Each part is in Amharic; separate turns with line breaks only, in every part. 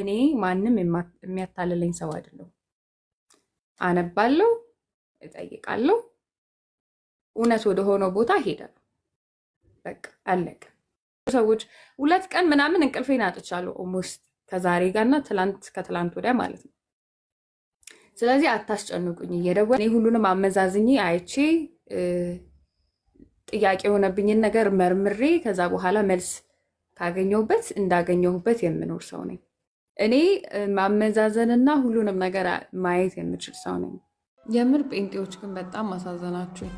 እኔ ማንም የሚያታልለኝ ሰው አይደለሁ። አነባለሁ፣ እጠይቃለሁ፣ እውነት ወደ ሆነው ቦታ ሄዳለሁ። በቃ አለቀ። ሰዎች ሁለት ቀን ምናምን እንቅልፌን አጥቻለሁ። ኦልሞስት ከዛሬ ጋርና ትላንት ከትላንት ወዲያ ማለት ነው። ስለዚህ አታስጨንቁኝ። እየደወ እኔ ሁሉንም አመዛዝኜ አይቼ ጥያቄ የሆነብኝን ነገር መርምሬ ከዛ በኋላ መልስ ካገኘሁበት እንዳገኘሁበት የምኖር ሰው ነኝ። እኔ ማመዛዘንና ሁሉንም ነገር ማየት የምችል ሰው ነኝ። የምር ጴንጤዎች ግን በጣም አሳዘናችሁ።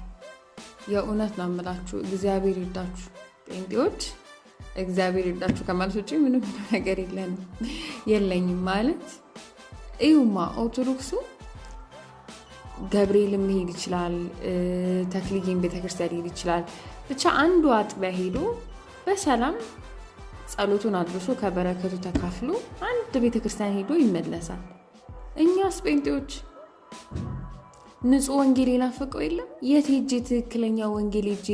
የእውነት ነው የምላችሁ። እግዚአብሔር ይርዳችሁ ጴንጤዎች፣ እግዚአብሔር ይርዳችሁ ከማለት ውጭ ምንም ነገር የለን የለኝም ማለት እዩማ። ኦርቶዶክሱ ገብርኤልም ሊሄድ ይችላል፣ ተክልዬም ቤተክርስቲያን ሄድ ይችላል። ብቻ አንዱ አጥቢያ ሄዶ በሰላም ጸሎቱን አድርሶ ከበረከቱ ተካፍሎ አንድ ቤተ ክርስቲያን ሄዶ ይመለሳል። እኛስ ጴንጤዎች ንጹህ ወንጌል የናፈቀው የለም። የት ሄጄ ትክክለኛ ወንጌል ሄጄ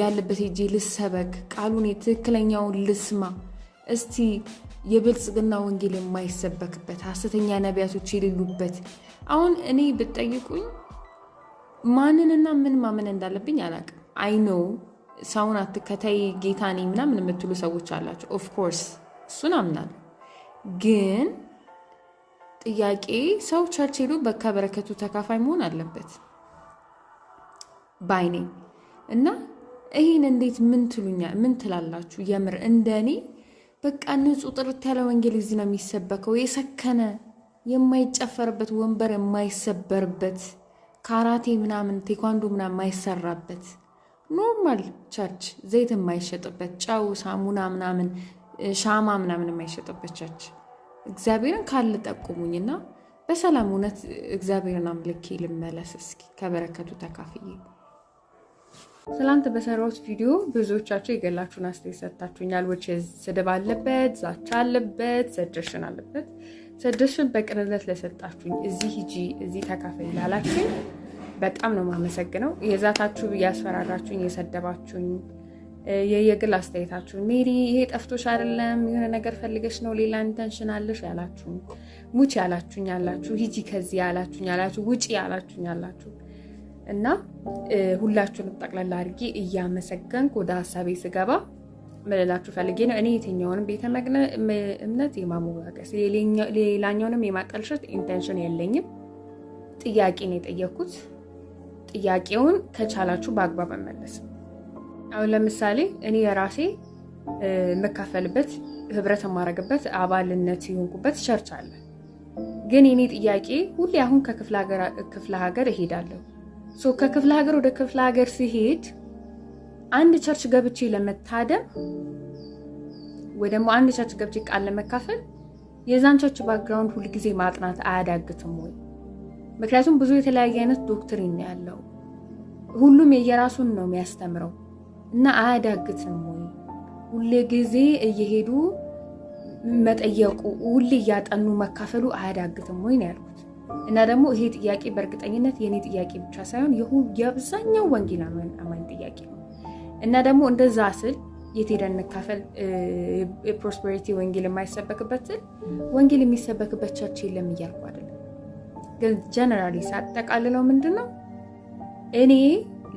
ያለበት ሄጄ ልሰበክ ቃሉን ትክክለኛውን ልስማ እስቲ የብልጽግና ወንጌል የማይሰበክበት ሐሰተኛ ነቢያቶች የሌሉበት። አሁን እኔ ብጠይቁኝ ማንንና ምን ማመን እንዳለብኝ አላቅም። አይ ነው ሰውን አትከተይ ጌታ ነኝ ምናምን የምትሉ ሰዎች አላቸው። ኦፍኮርስ እሱን አምናለሁ። ግን ጥያቄ ሰው ቸርች ሄዶ በካ በረከቱ ተካፋይ መሆን አለበት ባይኔ እና ይህን እንዴት ምን ትሉኛ ምን ትላላችሁ? የምር እንደ እኔ በቃ ንጹህ ጥርት ያለ ወንጌል እዚህ ነው የሚሰበከው። የሰከነ የማይጨፈርበት ወንበር የማይሰበርበት ካራቴ ምናምን ቴኳንዶ ምናምን የማይሰራበት ኖርማል ቸርች ዘይት የማይሸጥበት ጨው፣ ሳሙና ምናምን፣ ሻማ ምናምን የማይሸጥበት ቸርች እግዚአብሔርን ካለ ጠቁሙኝና በሰላም እውነት እግዚአብሔርን አምልኬ ልመለስ። እስኪ ከበረከቱ ተካፍዬ ትላንት በሰራሁት ቪዲዮ ብዙዎቻቸው የገላችሁን አስተያየት ሰጥታችሁኛል። ወች ስድብ አለበት፣ ዛቻ አለበት፣ ሰጀሽን አለበት። ሰጀሽን በቅንነት ለሰጣችሁኝ እዚህ ሂጂ እዚህ ተካፈይ ላላችሁኝ በጣም ነው የማመሰግነው። የዛታችሁ እያስፈራራችሁኝ፣ የሰደባችሁኝ፣ የየግል አስተያየታችሁን ሜሪ ይሄ ጠፍቶሽ አይደለም የሆነ ነገር ፈልገሽ ነው ሌላ ኢንተንሽን አለሽ ያላችሁኝ፣ ሙች ያላችሁኝ ያላችሁ፣ ሂጂ ከዚህ ያላችሁኝ ያላችሁ፣ ውጪ ያላችሁኝ ያላችሁ እና ሁላችሁንም ጠቅላላ አድርጌ እያመሰገንኩ ወደ ሀሳቤ ስገባ ምልላችሁ ፈልጌ ነው። እኔ የትኛውንም ቤተ እምነት የማሞጋገስ ሌላኛውንም የማጠልሸት ኢንቴንሽን የለኝም። ጥያቄ ነው የጠየኩት። ጥያቄውን ከቻላችሁ በአግባብ መመለስ። አሁን ለምሳሌ እኔ የራሴ የምካፈልበት ህብረት የማረግበት አባልነት የሆንኩበት ቸርች አለ። ግን የኔ ጥያቄ ሁሌ አሁን ከክፍለ ሀገር እሄዳለሁ። ከክፍለ ሀገር ወደ ክፍለ ሀገር ሲሄድ አንድ ቸርች ገብቼ ለመታደም ወይ ደግሞ አንድ ቸርች ገብቼ ቃል ለመካፈል የዛን ቸርች ባክግራውንድ ሁልጊዜ ማጥናት አያዳግትም ወይ? ምክንያቱም ብዙ የተለያየ አይነት ዶክትሪን ያለው ሁሉም የየራሱን ነው የሚያስተምረው እና አያዳግትም ወይ ሁሌ ጊዜ እየሄዱ መጠየቁ ሁሌ እያጠኑ መካፈሉ አያዳግትም ወይ ነው ያልኩት። እና ደግሞ ይሄ ጥያቄ በእርግጠኝነት የእኔ ጥያቄ ብቻ ሳይሆን የአብዛኛው ወንጌላውያን አማኝ ጥያቄ ነው። እና ደግሞ እንደዛ ስል የት ሄደን እንካፈል የፕሮስፐሪቲ ወንጌል የማይሰበክበት ስል ወንጌል የሚሰበክበት ቸርች የለም እያልኳል ግን ጀነራሊ ሳጠቃልለው ምንድን ነው እኔ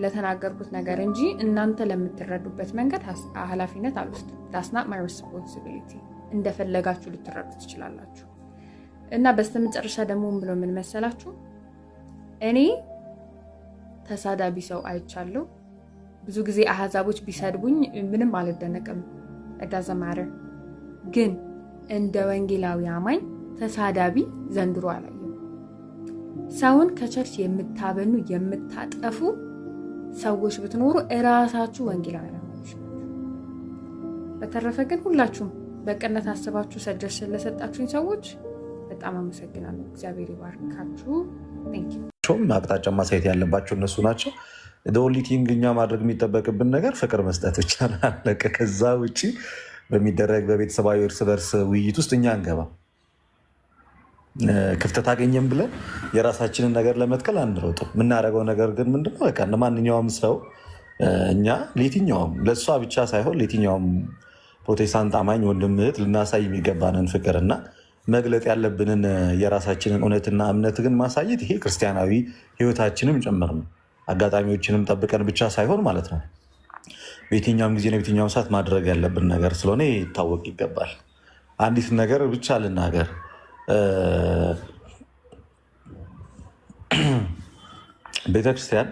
ለተናገርኩት ነገር እንጂ እናንተ ለምትረዱበት መንገድ ኃላፊነት አልወስድም። ዳስ ናት ማይ እንደፈለጋችሁ ልትረዱ ትችላላችሁ። እና በስተመጨረሻ ደግሞ ብሎ ምን መሰላችሁ፣ እኔ ተሳዳቢ ሰው አይቻለሁ። ብዙ ጊዜ አህዛቦች ቢሰድቡኝ ምንም አልደነቅም። እዳዘ ማረር ግን እንደ ወንጌላዊ አማኝ ተሳዳቢ ዘንድሮ አላ። ሰውን ከቸርች የምታበኑ የምታጠፉ ሰዎች ብትኖሩ እራሳችሁ ወንጌላውያን በተረፈ ግን ሁላችሁም በቅነት አስባችሁ ሰጀሽ ስለሰጣችሁኝ ሰዎች በጣም አመሰግናለሁ። እግዚአብሔር ይባርካችሁ።
አቅጣጫ ማሳየት ያለባቸው እነሱ ናቸው። ደወሊቲንግ እኛ ማድረግ የሚጠበቅብን ነገር ፍቅር መስጠት ብቻ አለቀ። ከዛ ውጭ በሚደረግ በቤተሰባዊ እርስ በርስ ውይይት ውስጥ እኛ አንገባም። ክፍተት አገኘም ብለን የራሳችንን ነገር ለመትከል አንሮጥም። የምናደርገው ነገር ግን ምንድነው በቃ እንደ ማንኛውም ሰው እኛ ለየትኛውም ለእሷ ብቻ ሳይሆን ለየትኛውም ፕሮቴስታንት አማኝ ወንድም እህት ልናሳይ የሚገባንን ፍቅርና መግለጥ ያለብንን የራሳችንን እውነትና እምነት ግን ማሳየት ይሄ ክርስቲያናዊ ሕይወታችንም ጭምር ነው። አጋጣሚዎችንም ጠብቀን ብቻ ሳይሆን ማለት ነው። በየትኛውም ጊዜ በየትኛውም ሰዓት ማድረግ ያለብን ነገር ስለሆነ ይታወቅ ይገባል። አንዲት ነገር ብቻ ልናገር ቤተክርስቲያን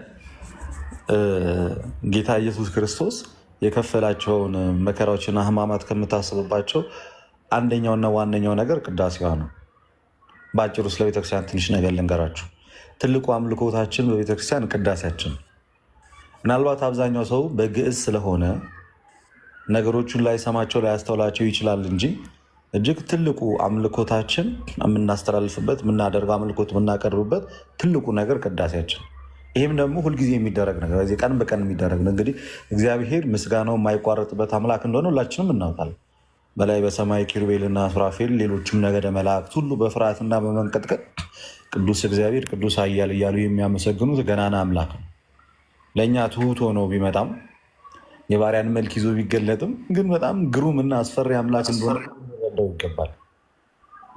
ጌታ ኢየሱስ ክርስቶስ የከፈላቸውን መከራዎችና ሕማማት ከምታስብባቸው አንደኛውና ዋነኛው ነገር ቅዳሴዋ ነው። በአጭሩ ስለ ቤተክርስቲያን ትንሽ ነገር ልንገራችሁ። ትልቁ አምልኮታችን በቤተክርስቲያን ቅዳሴያችን። ምናልባት አብዛኛው ሰው በግዕዝ ስለሆነ ነገሮቹን ላይሰማቸው ላያስተውላቸው ይችላል እንጂ እጅግ ትልቁ አምልኮታችን የምናስተላልፍበት የምናደርገው አምልኮት የምናቀርብበት ትልቁ ነገር ቅዳሴያችን። ይህም ደግሞ ሁልጊዜ የሚደረግ ነገር ቀን በቀን የሚደረግ ነው። እንግዲህ እግዚአብሔር ምስጋናው የማይቋረጥበት አምላክ እንደሆነ ሁላችንም እናውቃለን። በላይ በሰማይ ኪሩቤልና ሱራፌል፣ ሌሎችም ነገደ መላእክት ሁሉ በፍርሃትና በመንቀጥቀጥ ቅዱስ እግዚአብሔር ቅዱስ አያል እያሉ የሚያመሰግኑት ገናና አምላክ ነው። ለእኛ ትሁት ሆኖ ቢመጣም የባሪያን መልክ ይዞ ቢገለጥም ግን በጣም ግሩም እና አስፈሪ አምላክ እንደሆነ ሊያስረዳው ይገባል።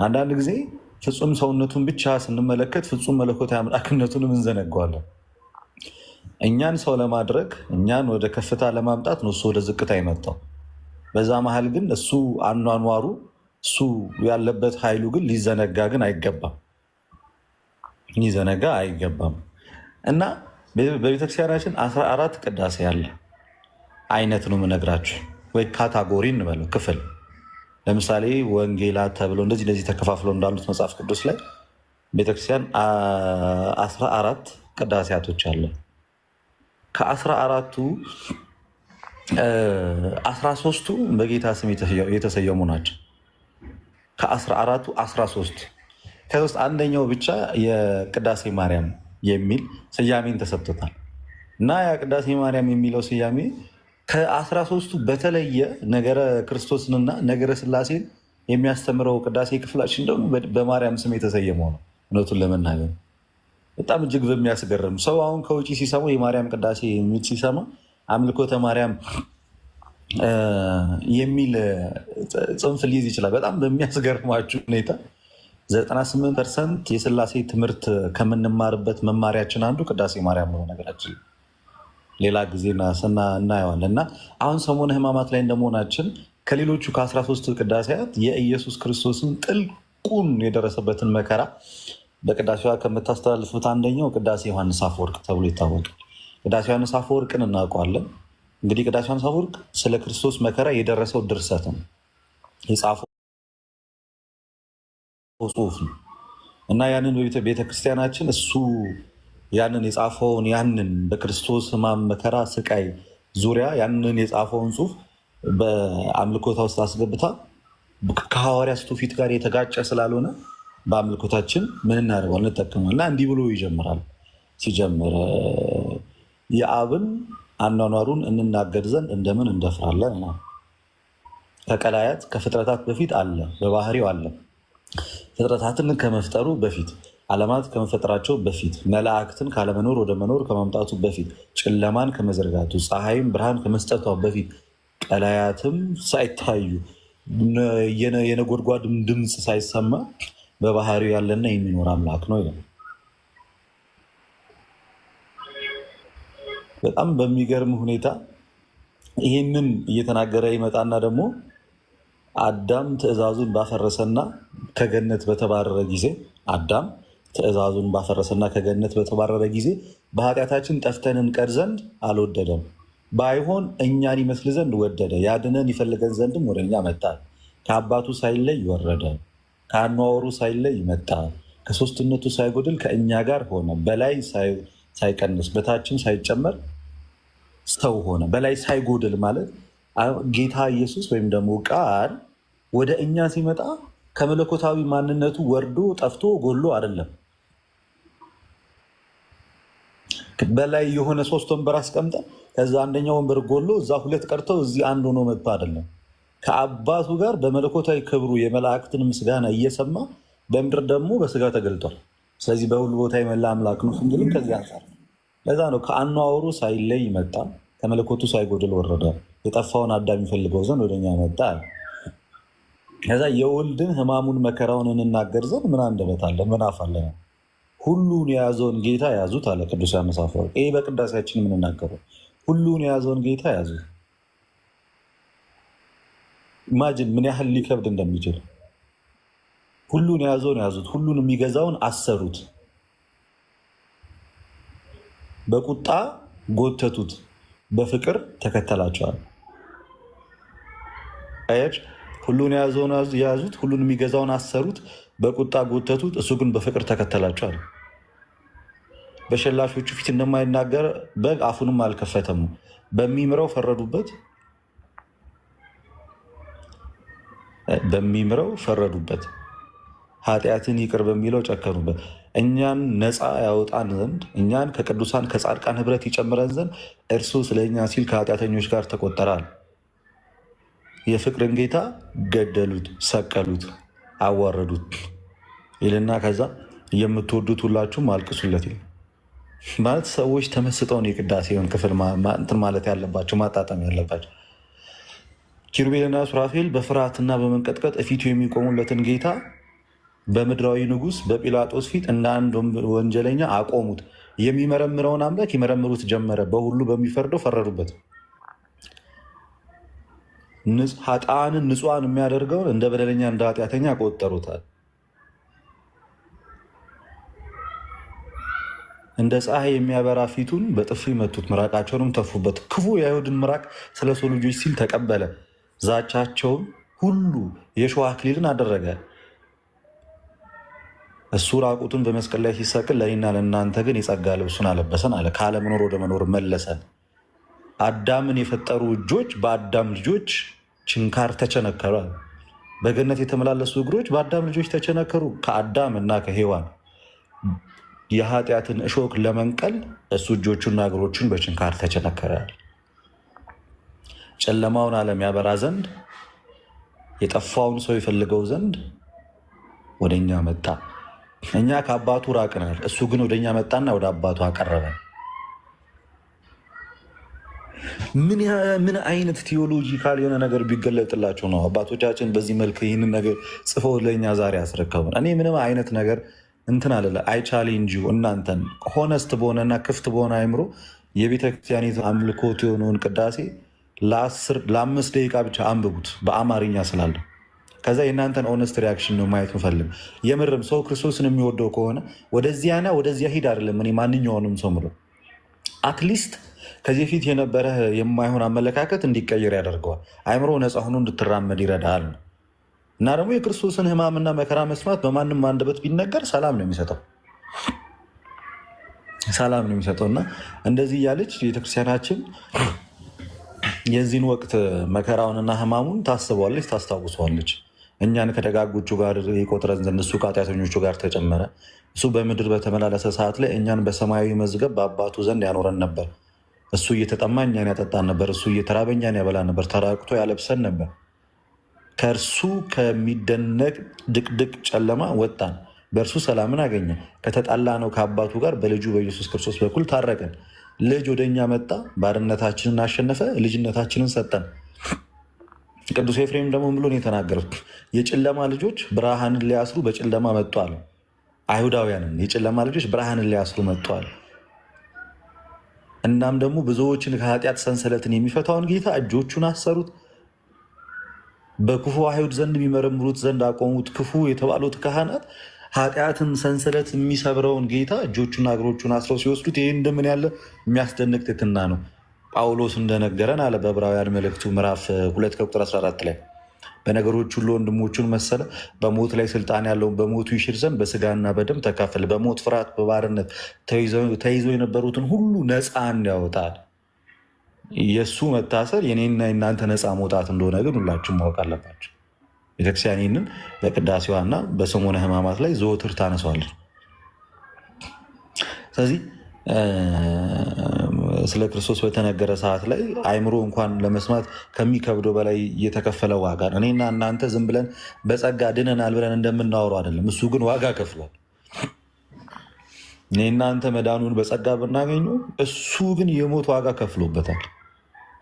አንዳንድ ጊዜ ፍጹም ሰውነቱን ብቻ ስንመለከት ፍጹም መለኮት አምላክነቱንም እንዘነገዋለን። እኛን ሰው ለማድረግ እኛን ወደ ከፍታ ለማምጣት ነው እሱ ወደ ዝቅታ የመጣው። በዛ መሀል ግን እሱ አኗኗሩ እሱ ያለበት ኃይሉ ግን ሊዘነጋ ግን አይገባም፣ ሊዘነጋ አይገባም እና በቤተክርስቲያናችን አስራ አራት ቅዳሴ ያለ አይነት ነው የምነግራችሁ ወይ ካታጎሪ እንበለው ክፍል ለምሳሌ ወንጌላ ተብሎ እንደዚህ እንደዚህ ተከፋፍለው እንዳሉት መጽሐፍ ቅዱስ ላይ ቤተክርስቲያን አስራ አራት ቅዳሴያቶች አለ። ከአስራ አራቱ አስራ ሶስቱ በጌታ ስም የተሰየሙ ናቸው። ከአስራ አራቱ አስራ ሶስት ውስጥ አንደኛው ብቻ የቅዳሴ ማርያም የሚል ስያሜን ተሰጥቶታል እና ያ ቅዳሴ ማርያም የሚለው ስያሜ ከአስራ ሶስቱ በተለየ ነገረ ክርስቶስንና ነገረ ስላሴን የሚያስተምረው ቅዳሴ ክፍላችን ደግሞ በማርያም ስም የተሰየመው ነው። እውነቱን ለመናገር በጣም እጅግ በሚያስገርም ሰው አሁን ከውጭ ሲሰማ የማርያም ቅዳሴ የሚል ሲሰማ አምልኮተ ማርያም የሚል ጽንፍ ሊይዝ ይችላል። በጣም በሚያስገርማችሁ ሁኔታ 98 ፐርሰንት የስላሴ ትምህርት ከምንማርበት መማሪያችን አንዱ ቅዳሴ ማርያም ነው ነገራችን ሌላ ጊዜ እናየዋለን እና አሁን ሰሞነ ህማማት ላይ እንደመሆናችን ከሌሎቹ ከ13 ቅዳሴያት የኢየሱስ ክርስቶስን ጥልቁን የደረሰበትን መከራ በቅዳሴዋ ከምታስተላልፉት አንደኛው ቅዳሴ ዮሐንስ አፈወርቅ ተብሎ ይታወቃል። ቅዳሴ ዮሐንስ አፈወርቅን እናውቀዋለን። እንግዲህ ቅዳሴ ዮሐንስ አፈወርቅ ስለ ክርስቶስ መከራ የደረሰው ድርሰት ነው፣ የጻፈው ጽሁፍ ነው እና ያንን ቤተክርስቲያናችን እሱ ያንን የጻፈውን ያንን በክርስቶስ ሕማም መከራ፣ ስቃይ ዙሪያ ያንን የጻፈውን ጽሁፍ በአምልኮታ ውስጥ አስገብታ ከሐዋርያ ስቱፊት ጋር የተጋጨ ስላልሆነ በአምልኮታችን ምን እናደርገዋል እንጠቀማል እና እንዲህ ብሎ ይጀምራል። ሲጀምር የአብን አኗኗሩን እንናገር ዘንድ እንደምን እንደፍራለን ነው። ከቀላያት ከፍጥረታት በፊት አለ፣ በባህሪው አለ። ፍጥረታትን ከመፍጠሩ በፊት ዓለማት ከመፈጠራቸው በፊት መላእክትን ካለመኖር ወደ መኖር ከማምጣቱ በፊት ጨለማን ከመዘርጋቱ ፀሐይም ብርሃን ከመስጠቷ በፊት ቀላያትም ሳይታዩ የነጎድጓድ ድምፅ ሳይሰማ በባህሪው ያለና የሚኖር አምላክ ነው ይላል። በጣም በሚገርም ሁኔታ ይህንን እየተናገረ ይመጣና ደግሞ አዳም ትዕዛዙን ባፈረሰና ከገነት በተባረረ ጊዜ አዳም ትእዛዙን ባፈረሰና ከገነት በተባረረ ጊዜ በኃጢአታችን ጠፍተን እንቀር ዘንድ አልወደደም። ባይሆን እኛን ይመስል ዘንድ ወደደ፣ ያድነን ይፈልገን ዘንድም ወደ እኛ መጣ። ከአባቱ ሳይለይ ወረደ፣ ከአኗወሩ ሳይለይ መጣ። ከሶስትነቱ ሳይጎድል ከእኛ ጋር ሆነ። በላይ ሳይቀንስ በታችን ሳይጨመር ሰው ሆነ። በላይ ሳይጎድል ማለት ጌታ ኢየሱስ ወይም ደግሞ ቃል ወደ እኛ ሲመጣ ከመለኮታዊ ማንነቱ ወርዶ ጠፍቶ ጎሎ አይደለም። በላይ የሆነ ሶስት ወንበር አስቀምጠን ከዛ አንደኛው ወንበር ጎሎ እዛ ሁለት ቀርተው እዚህ አንድ ሆኖ መጥቶ አይደለም። ከአባቱ ጋር በመለኮታዊ ክብሩ የመላእክትን ምስጋና እየሰማ በምድር ደግሞ በስጋ ተገልጧል። ስለዚህ በሁሉ ቦታ የመላ አምላክ ነው ስንል ከዚህ አንጻር ለዛ ነው ከአኗወሩ ሳይለይ መጣ፣ ከመለኮቱ ሳይጎድል ወረደ፣ የጠፋውን አዳም ይፈልገው ዘንድ ወደኛ መጣ። ከዛ የወልድን ህማሙን መከራውን እንናገር ዘንድ ምን አንደበት አለን? ምን አፍ ሁሉን የያዘውን ጌታ ያዙት አለ ቅዱስ መሳፍር። ይሄ በቅዳሴያችን የምንናገረው ሁሉን የያዘውን ጌታ ያዙት። ኢማጅን ምን ያህል ሊከብድ እንደሚችል። ሁሉን የያዘውን ያዙት፣ ሁሉን የሚገዛውን አሰሩት፣ በቁጣ ጎተቱት፣ በፍቅር ተከተላቸዋል። ሁሉን የያዘውን የያዙት፣ ሁሉን የሚገዛውን አሰሩት፣ በቁጣ ጎተቱት። እሱ ግን በፍቅር ተከተላቸው አለ። በሸላሾቹ ፊት እንደማይናገር በግ አፉንም አልከፈተም። በሚምረው ፈረዱበት፣ በሚምረው ፈረዱበት። ኃጢአትን ይቅር በሚለው ጨከኑበት። እኛን ነፃ ያወጣን ዘንድ እኛን ከቅዱሳን ከጻድቃን ህብረት ይጨምረን ዘንድ እርሱ ስለኛ ሲል ከኃጢአተኞች ጋር ተቆጠራል። የፍቅርን ጌታ ገደሉት፣ ሰቀሉት፣ አዋረዱት ይልና ከዛ የምትወዱት ሁላችሁም አልቅሱለት ማለት ሰዎች ተመስጠውን የቅዳሴውን ክፍል እንትን ማለት ያለባቸው ማጣጣም ያለባቸው ኪሩቤልና ሱራፌል በፍርሃትና በመንቀጥቀጥ ፊቱ የሚቆሙለትን ጌታ በምድራዊ ንጉስ በጲላጦስ ፊት እንደ አንድ ወንጀለኛ አቆሙት። የሚመረምረውን አምላክ ይመረምሩት ጀመረ። በሁሉ በሚፈርደው ፈረዱበት። ኃጥአንን ንጹሐን የሚያደርገውን እንደ በደለኛ እንደ ኃጢአተኛ ቆጠሩታል። እንደ ፀሐይ የሚያበራ ፊቱን በጥፊ መቱት፣ ምራቃቸውንም ተፉበት። ክፉ የአይሁድን ምራቅ ስለ ሰው ልጆች ሲል ተቀበለ። ዛቻቸውን ሁሉ የሸዋ አክሊልን አደረገ። እሱ ራቁቱን በመስቀል ላይ ሲሰቅል ለእኔና ለእናንተ ግን የጸጋ ልብሱን አለበሰን አለ። ካለመኖር ወደ መኖር መለሰን። አዳምን የፈጠሩ እጆች በአዳም ልጆች ችንካር ተቸነከሩ። በገነት የተመላለሱ እግሮች በአዳም ልጆች ተቸነከሩ። ከአዳም እና ከሔዋን የኃጢአትን እሾክ ለመንቀል እሱ እጆቹና እግሮቹን በችንካር ተቸነከረ። ጨለማውን ዓለም ያበራ ዘንድ የጠፋውን ሰው ይፈልገው ዘንድ ወደኛ መጣ። እኛ ከአባቱ ራቅናል፣ እሱ ግን ወደኛ መጣና ወደ አባቱ አቀረበን። ምን አይነት ቴዎሎጂካል የሆነ ነገር ቢገለጥላቸው ነው አባቶቻችን በዚህ መልክ ይህንን ነገር ጽፈው ለእኛ ዛሬ ያስረከቡን? እኔ ምንም አይነት ነገር እንትን አለ አይቻሌ እንጂ እናንተን ሆነስት በሆነና ክፍት በሆነ አይምሮ የቤተክርስቲያኒቱ አምልኮት የሆነውን ቅዳሴ ለአምስት ደቂቃ ብቻ አንብቡት በአማርኛ ስላለ ከዛ የእናንተን ኦነስት ሪያክሽን ነው ማየት ምፈልግ። የምርም ሰው ክርስቶስን የሚወደው ከሆነ ወደዚያና ወደዚያ ሂድ አይደለም እኔ ማንኛውንም ሰው ምለው አትሊስት ከዚህ ፊት የነበረ የማይሆን አመለካከት እንዲቀይር ያደርገዋል። አይምሮ ነፃ ሆኖ እንድትራመድ ይረዳል። እና ደግሞ የክርስቶስን ሕማምና መከራ መስማት በማንም አንደበት ቢነገር ሰላም ነው የሚሰጠው ሰላም ነው የሚሰጠው። እና እንደዚህ እያለች ቤተክርስቲያናችን የዚህን ወቅት መከራውንና ሕማሙን ታስበዋለች፣ ታስታውሰዋለች። እኛን ከደጋጎቹ ጋር የቆጥረን ዘንድ እሱ ከኃጢአተኞቹ ጋር ተጨመረ። እሱ በምድር በተመላለሰ ሰዓት ላይ እኛን በሰማያዊ መዝገብ በአባቱ ዘንድ ያኖረን ነበር። እሱ እየተጠማ እኛን ያጠጣን ነበር። እሱ እየተራበ እኛን ያበላ ነበር። ተራቅቶ ያለብሰን ነበር። ከእርሱ ከሚደነቅ ድቅድቅ ጨለማ ወጣን። በእርሱ ሰላምን አገኘን። ከተጣላ ነው ከአባቱ ጋር በልጁ በኢየሱስ ክርስቶስ በኩል ታረቀን። ልጅ ወደ እኛ መጣ፣ ባርነታችንን አሸነፈ፣ ልጅነታችንን ሰጠን። ቅዱስ ኤፍሬም ደግሞ ብሎ የተናገሩት የጨለማ ልጆች ብርሃንን ሊያስሩ በጨለማ መጡ አለ። አይሁዳውያንን የጨለማ ልጆች ብርሃንን ሊያስሩ መጡ አለ። እናም ደግሞ ብዙዎችን ከኃጢአት ሰንሰለትን የሚፈታውን ጌታ እጆቹን አሰሩት። በክፉ አይሁድ ዘንድ የሚመረምሩት ዘንድ አቆሙት። ክፉ የተባሉት ካህናት ኃጢአትን ሰንሰለት የሚሰብረውን ጌታ እጆቹና እግሮቹን አስረው ሲወስዱት፣ ይህ እንደምን ያለ የሚያስደንቅ ትሕትና ነው! ጳውሎስ እንደነገረን አለ በዕብራውያን መልእክቱ ምዕራፍ 2 ቁጥር 14 ላይ በነገሮች ሁሉ ወንድሞቹን መሰለ። በሞት ላይ ስልጣን ያለውን በሞቱ ይሽር ዘንድ በስጋና በደም ተካፈለ። በሞት ፍርሃት፣ በባርነት ተይዘው የነበሩትን ሁሉ ነፃን ያወጣል። የእሱ መታሰር የኔና የእናንተ ነፃ መውጣት እንደሆነ ግን ሁላችሁም ማወቅ አለባቸው። ቤተክርስቲያን ይህንን በቅዳሴዋና በሰሞነ ሕማማት ላይ ዘወትር ታነሷለች። ስለዚህ ስለ ክርስቶስ በተነገረ ሰዓት ላይ አይምሮ እንኳን ለመስማት ከሚከብደው በላይ የተከፈለ ዋጋ ነው። እኔና እናንተ ዝም ብለን በጸጋ ድነናል ብለን እንደምናወሩ አይደለም። እሱ ግን ዋጋ ከፍሏል። እኔ እናንተ መዳኑን በጸጋ ብናገኙ፣ እሱ ግን የሞት ዋጋ ከፍሎበታል።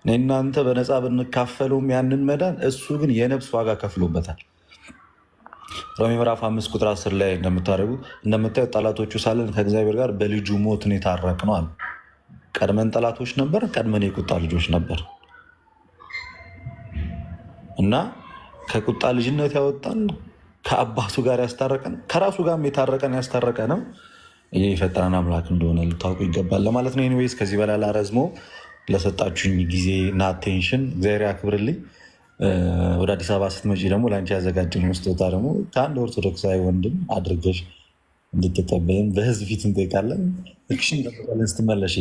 እኔ እናንተ በነፃ ብንካፈለውም ያንን መዳን፣ እሱ ግን የነፍስ ዋጋ ከፍሎበታል። ሮሜ ምዕራፍ አምስት ቁጥር አስር ላይ እንደምታደርጉ እንደምታዩ ጠላቶቹ ሳለን ከእግዚአብሔር ጋር በልጁ ሞት ነው የታረቅነው አለ። ቀድመን ጠላቶች ነበር፣ ቀድመን የቁጣ ልጆች ነበር እና ከቁጣ ልጅነት ያወጣን ከአባቱ ጋር ያስታረቀን ከራሱ ጋርም የታረቀን ያስታረቀንም የፈጠረን አምላክ እንደሆነ ልታውቁ ይገባል ለማለት ነው። ኤኒዌይስ ከዚህ በላይ ላረዝሞ ለሰጣችሁኝ ጊዜ እና አቴንሽን እግዚአብሔር ያክብርልኝ። ወደ አዲስ አበባ ስትመጪ ደግሞ ለአንቺ ያዘጋጀን ስጦታ ደግሞ ከአንድ ኦርቶዶክሳዊ ወንድም አድርገሽ እንድትጠበይም በህዝብ ፊት እንጠይቃለን። እክሽን ቀጠለን ስትመለሽ።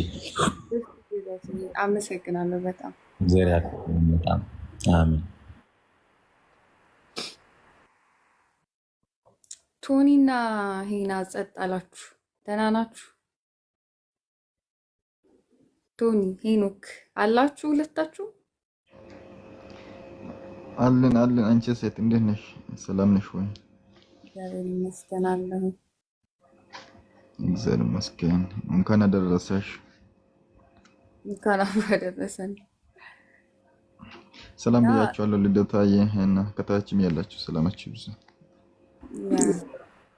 አመሰግናለሁ በጣም
ዜሪያ በጣም አሜን።
ቶኒና ጸጥ አላችሁ? ደህና ናችሁ? ቶኒ ሄኖክ አላችሁ ሁለታችሁ?
አለን አለን። አንቺ ሴት እንዴት ነሽ? ሰላም ነሽ ወይ?
እግዚአብሔር ይመስገን አለሁ።
እግዚአብሔር ይመስገን። እንኳን አደረሰሽ።
እንኳን አደረሰን።
ሰላም ብያችኋለሁ። ልደታዬ እና ከታችም ያላችሁ ሰላማችሁ ይብዛ።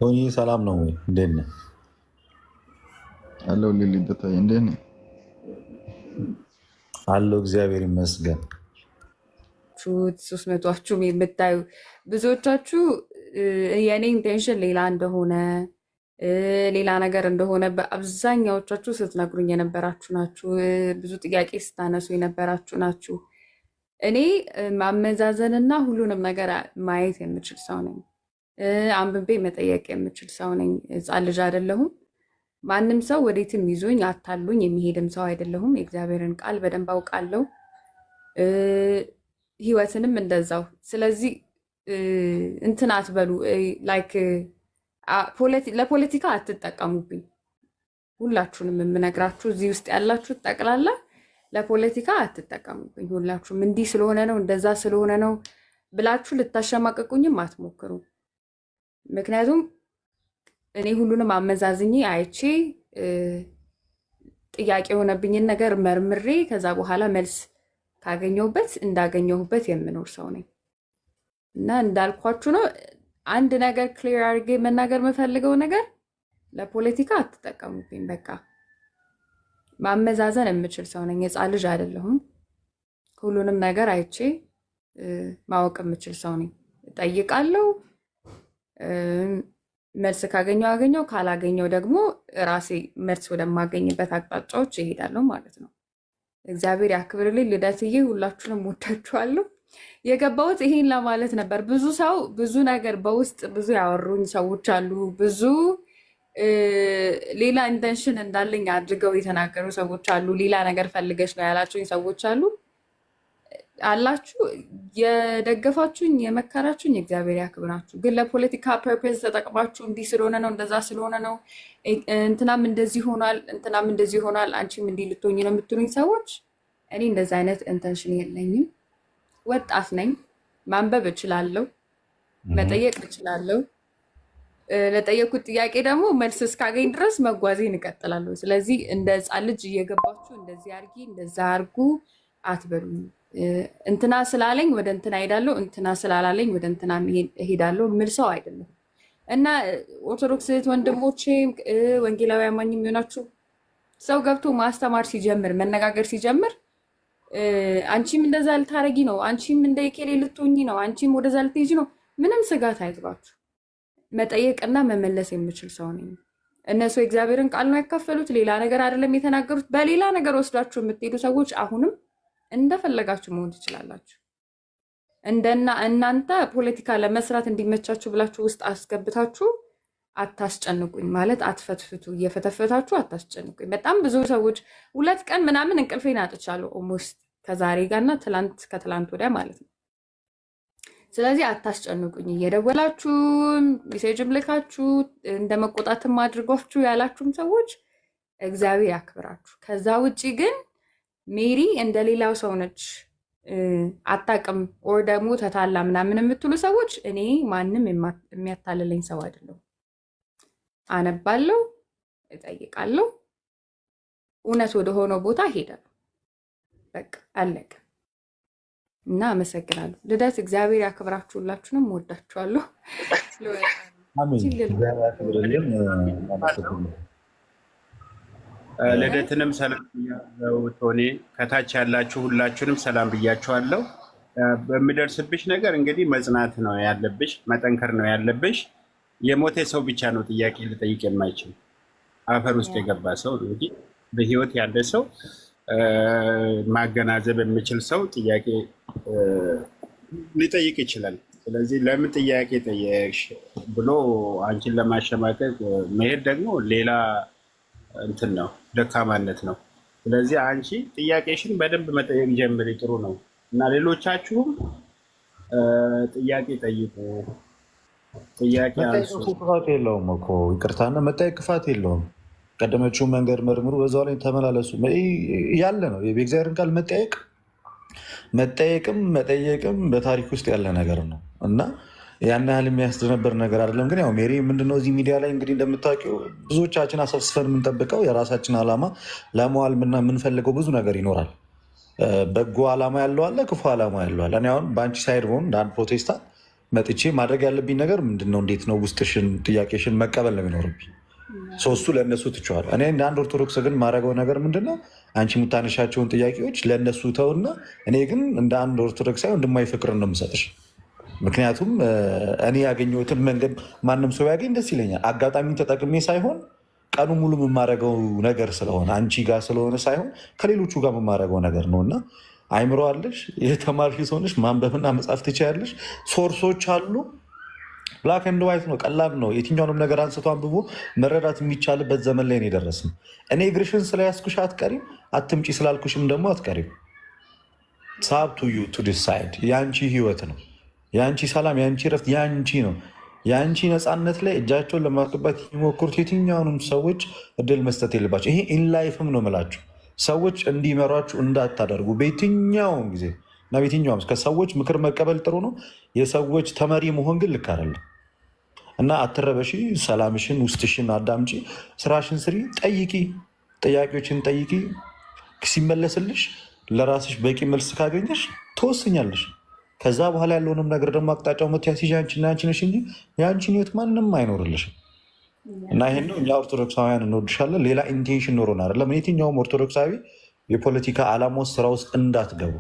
ሆኒ ሰላም ነው ወይ? እንዴት ነህ? አለሁ። ልደታዬ እንዴት ነህ? አለሁ። እግዚአብሔር ይመስገን።
ሁለታችሁት ሶስት መቷችሁም የምታዩ ብዙዎቻችሁ የእኔ ኢንቴንሽን ሌላ እንደሆነ ሌላ ነገር እንደሆነ በአብዛኛዎቻችሁ ስትነግሩኝ የነበራችሁ ናችሁ። ብዙ ጥያቄ ስታነሱ የነበራችሁ ናችሁ። እኔ ማመዛዘንና ሁሉንም ነገር ማየት የምችል ሰው ነኝ። አንብቤ መጠየቅ የምችል ሰው ነኝ። ህፃን ልጅ አይደለሁም። ማንም ሰው ወዴትም ይዞኝ አታሉኝ የሚሄድም ሰው አይደለሁም። የእግዚአብሔርን ቃል በደንብ አውቃለሁ። ህይወትንም እንደዛው። ስለዚህ እንትን አትበሉ፣ ላይክ ለፖለቲካ አትጠቀሙብኝ። ሁላችሁንም የምነግራችሁ እዚህ ውስጥ ያላችሁ ጠቅላላ ለፖለቲካ አትጠቀሙብኝ። ሁላችሁም እንዲህ ስለሆነ ነው እንደዛ ስለሆነ ነው ብላችሁ ልታሸማቀቁኝም አትሞክሩ። ምክንያቱም እኔ ሁሉንም አመዛዝኜ አይቼ ጥያቄ የሆነብኝን ነገር መርምሬ ከዛ በኋላ መልስ ካገኘሁበት እንዳገኘሁበት የምኖር ሰው ነኝ እና እንዳልኳችሁ ነው። አንድ ነገር ክሊር አድርጌ መናገር የምፈልገው ነገር ለፖለቲካ አትጠቀሙብኝ። በቃ ማመዛዘን የምችል ሰው ነኝ። ሕፃን ልጅ አይደለሁም። ሁሉንም ነገር አይቼ ማወቅ የምችል ሰው ነኝ። እጠይቃለሁ። መልስ ካገኘው አገኘው፣ ካላገኘው ደግሞ ራሴ መልስ ወደማገኝበት አቅጣጫዎች ይሄዳለሁ ማለት ነው። እግዚአብሔር ያክብርልኝ። ልደትዬ ሁላችሁንም ወዳችኋለሁ። የገባሁት ይሄን ለማለት ነበር። ብዙ ሰው ብዙ ነገር በውስጥ ብዙ ያወሩኝ ሰዎች አሉ። ብዙ ሌላ ኢንተንሽን እንዳለኝ አድርገው የተናገሩ ሰዎች አሉ። ሌላ ነገር ፈልገች ነው ያላቸውኝ ሰዎች አሉ። አላችሁ የደገፋችሁኝ የመከራችሁኝ እግዚአብሔር ያክብራችሁ። ግን ለፖለቲካ ፐርፐዝ ተጠቅማችሁ እንዲህ ስለሆነ ነው እንደዛ ስለሆነ ነው እንትናም እንደዚህ ሆኗል እንትናም እንደዚህ ሆኗል አንቺም እንዲህ ልትሆኝ ነው የምትሉኝ ሰዎች እኔ እንደዚ አይነት ኢንተንሽን የለኝም። ወጣት ነኝ። ማንበብ እችላለሁ፣ መጠየቅ እችላለሁ። ለጠየኩት ጥያቄ ደግሞ መልስ እስካገኝ ድረስ መጓዜን እቀጥላለሁ። ስለዚህ እንደ ሕፃን ልጅ እየገባችሁ እንደዚህ አርጊ እንደዛ አርጉ። አትበሉኝ። እንትና ስላለኝ ወደ እንትና ሄዳለሁ፣ እንትና ስላላለኝ ወደ እንትና ሄዳለሁ ምል ሰው አይደለም። እና ኦርቶዶክስ እህት ወንድሞቼም ወንጌላዊ አማኝ የሚሆናችሁ ሰው ገብቶ ማስተማር ሲጀምር መነጋገር ሲጀምር አንቺም እንደዛ ልታረጊ ነው፣ አንቺም እንደ ኬሌ ልትሆኚ ነው፣ አንቺም ወደዛ ልትሄጂ ነው። ምንም ስጋት አይግባችሁ። መጠየቅና መመለስ የምችል ሰው ነኝ። እነሱ የእግዚአብሔርን ቃል ነው ያካፈሉት፣ ሌላ ነገር አይደለም የተናገሩት። በሌላ ነገር ወስዳችሁ የምትሄዱ ሰዎች አሁንም እንደፈለጋችሁ መሆን ትችላላችሁ። እንደና እናንተ ፖለቲካ ለመስራት እንዲመቻችሁ ብላችሁ ውስጥ አስገብታችሁ አታስጨንቁኝ ማለት አትፈትፍቱ፣ እየፈተፈታችሁ አታስጨንቁኝ። በጣም ብዙ ሰዎች ሁለት ቀን ምናምን እንቅልፌን አጥቻለሁ ኦልሞስት ከዛሬ ጋርና ትላንት ከትላንት ወዲያ ማለት ነው። ስለዚህ አታስጨንቁኝ። እየደወላችሁ ሜሴጅም ልካችሁ እንደ መቆጣትም አድርጓችሁ ያላችሁም ሰዎች እግዚአብሔር ያክብራችሁ። ከዛ ውጭ ግን ሜሪ እንደ ሌላው ሰው ነች አታቅም ኦር ደግሞ ተታላ ምናምን የምትሉ ሰዎች እኔ ማንም የሚያታልለኝ ሰው አይደለም። አነባለሁ፣ እጠይቃለሁ፣ እውነት ወደ ሆነው ቦታ ሄዳል በቃ አለቀ እና አመሰግናለሁ። ልደት እግዚአብሔር ያክብራችሁ። ሁላችሁንም ወዳችኋለሁ።
ልደትንም ሰላም ብያለው። ቶኔ ከታች ያላችሁ ሁላችሁንም ሰላም ብያችኋለሁ። በሚደርስብሽ ነገር እንግዲህ መጽናት ነው ያለብሽ፣ መጠንከር ነው ያለብሽ። የሞተ ሰው ብቻ ነው ጥያቄ ልጠይቅ የማይችል አፈር ውስጥ የገባ ሰው እንግዲህ በህይወት ያለ ሰው ማገናዘብ የሚችል ሰው ጥያቄ ሊጠይቅ ይችላል። ስለዚህ ለምን ጥያቄ ጠየቅሽ ብሎ አንቺን ለማሸማቀቅ መሄድ ደግሞ ሌላ እንትን ነው። ደካማነት ነው። ስለዚህ አንቺ ጥያቄሽን በደንብ መጠየቅ ጀምሪ፣ ጥሩ ነው እና ሌሎቻችሁም ጥያቄ ጠይቁ። ጥያቄ ክፋት የለውም እኮ ይቅርታና መጠየቅ ክፋት የለውም። ቀደመችውን መንገድ መርምሩ፣ በዛው ላይ ተመላለሱ ያለ ነው የእግዚአብሔርን ቃል መጠየቅ መጠየቅም መጠየቅም በታሪክ ውስጥ ያለ ነገር ነው እና ያን ያህል የሚያስደነበር ነገር አይደለም። ግን ያው ሜሪ ምንድነው እዚህ ሚዲያ ላይ እንግዲህ እንደምታውቂው ብዙዎቻችን አሰብስፈን የምንጠብቀው የራሳችን ዓላማ ለመዋል የምንፈልገው ብዙ ነገር ይኖራል። በጎ ዓላማ ያለው አለ፣ ክፉ ዓላማ ያለው አለ። እኔ አሁን በአንቺ ሳይድ ሆን እንደ አንድ ፕሮቴስታንት መጥቼ ማድረግ ያለብኝ ነገር ምንድነው? እንዴት ነው ውስጥሽን ጥያቄሽን መቀበል ነው የሚኖርብኝ። ሶስቱ ለእነሱ ትችዋል። እኔ እንደ አንድ ኦርቶዶክስ ግን ማድረገው ነገር ምንድነው? አንቺ የምታነሻቸውን ጥያቄዎች ለእነሱ ተውና፣ እኔ ግን እንደ አንድ ኦርቶዶክሳዊ ወንድማዊ ፍቅርን ነው የምሰጥሽ ምክንያቱም እኔ ያገኘሁትን መንገድ ማንም ሰው ያገኝ ደስ ይለኛል። አጋጣሚውን ተጠቅሜ ሳይሆን ቀኑ ሙሉ የማረገው ነገር ስለሆነ አንቺ ጋር ስለሆነ ሳይሆን ከሌሎቹ ጋር የማረገው ነገር ነው እና አይምሮ አለሽ፣ የተማርሽ ሰው ማንበብና መጻፍ ትችያለሽ። ሶርሶች አሉ። ብላክ ኤንድ ዋይት ነው፣ ቀላል ነው። የትኛውንም ነገር አንስቶ አንብቦ መረዳት የሚቻልበት ዘመን ላይ ነው የደረስነው። እኔ እግርሽን ስለያዝኩሽ አትቀሪም፣ አትምጪ ስላልኩሽም ደግሞ አትቀሪም። ሳብ ቱ ዩ ቱ ዲሳይድ የአንቺ ህይወት ነው። የአንቺ ሰላም፣ የአንቺ ረፍት የአንቺ ነው። የአንቺ ነፃነት ላይ እጃቸውን ለማስገባት የሚሞክሩት የትኛውንም ሰዎች እድል መስጠት የለባቸው። ይሄ ኢንላይፍም ነው ምላችሁ ሰዎች እንዲመሯችሁ እንዳታደርጉ በየትኛውም ጊዜ እና በየትኛውም ከሰዎች ምክር መቀበል ጥሩ ነው። የሰዎች ተመሪ መሆን ግን ልክ አይደለም እና አትረበሺ። ሰላምሽን፣ ውስጥሽን አዳምጪ፣ ስራሽን ስሪ፣ ጠይቂ፣ ጥያቄዎችን ጠይቂ። ሲመለስልሽ ለራስሽ በቂ መልስ ካገኘሽ ትወስኛለሽ። ከዛ በኋላ ያለውንም ነገር ደግሞ አቅጣጫው የምትያስይዥ አንቺና አንቺ ነሽ እንጂ የአንቺን ህይወት ማንም አይኖርልሽም። እና ይሄን ነው እኛ ኦርቶዶክሳውያን እንወድሻለን። ሌላ ኢንቴንሽን ኖሮን አይደለም። የትኛውም ኦርቶዶክሳዊ የፖለቲካ ዓላማ ስራ ውስጥ እንዳትገቡ።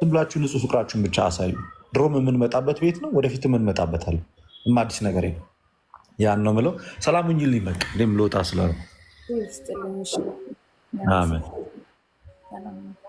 ዝም ብላችሁ ንጹህ ፍቅራችሁን ብቻ አሳዩ። ድሮም የምንመጣበት ቤት ነው፣ ወደፊት የምንመጣበታል። አዲስ ነገር ነው። ያን ነው ምለው። ሰላም እንጂ ሊመቅ ልወጣ ስለ ነው። አሜን